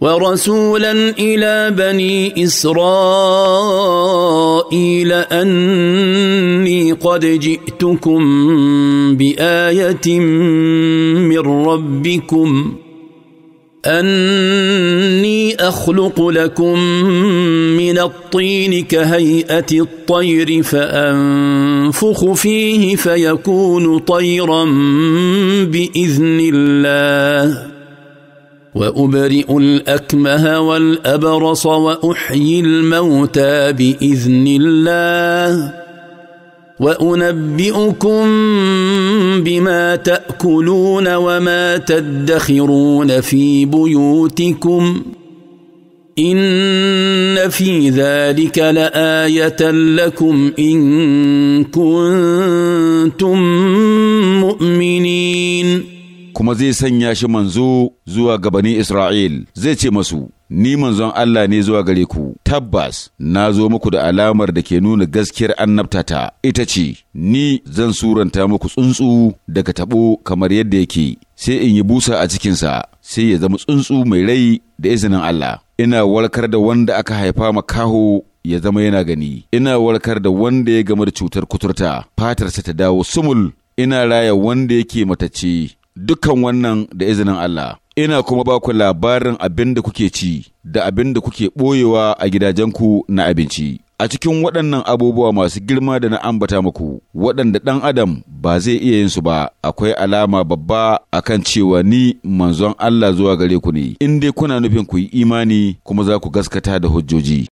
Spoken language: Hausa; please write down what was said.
ورسولا الى بني اسرائيل اني قد جئتكم بايه من ربكم اني اخلق لكم من الطين كهيئه الطير فانفخ فيه فيكون طيرا باذن الله وابرئ الاكمه والابرص واحيي الموتى باذن الله وانبئكم بما تاكلون وما تدخرون في بيوتكم ان في ذلك لايه لكم ان كنتم مؤمنين kuma zai sanya shi manzo zuwa gabanin Isra'il, zai ce masu, Ni manzon Allah ne zuwa gare ku, tabbas na zo muku da alamar da ke nuna gaskiyar annabtata, ita ce, Ni zan suranta muku tsuntsu daga taɓo kamar yadda yake, sai in yi busa a cikinsa, sai ya zama tsuntsu mai rai da izinin Allah. Ina warkar da wanda aka haifa makaho ya zama yana gani, ina warkar da wanda ya gama da cutar kuturta, fatarsa ta dawo sumul, ina raya wanda yake matacce, dukan wannan da izinin Allah. Ina kuma ba ku labarin abin da kuke ci da abin da kuke ɓoyewa a gidajenku na abinci. A cikin waɗannan abubuwa masu girma da na ambata muku, waɗanda ɗan Adam ba zai iya yin su ba, akwai alama babba a kan cewa ni manzon Allah zuwa gare ku ne, in dai kuna nufin ku yi imani kuma za ku gaskata da hujjoji.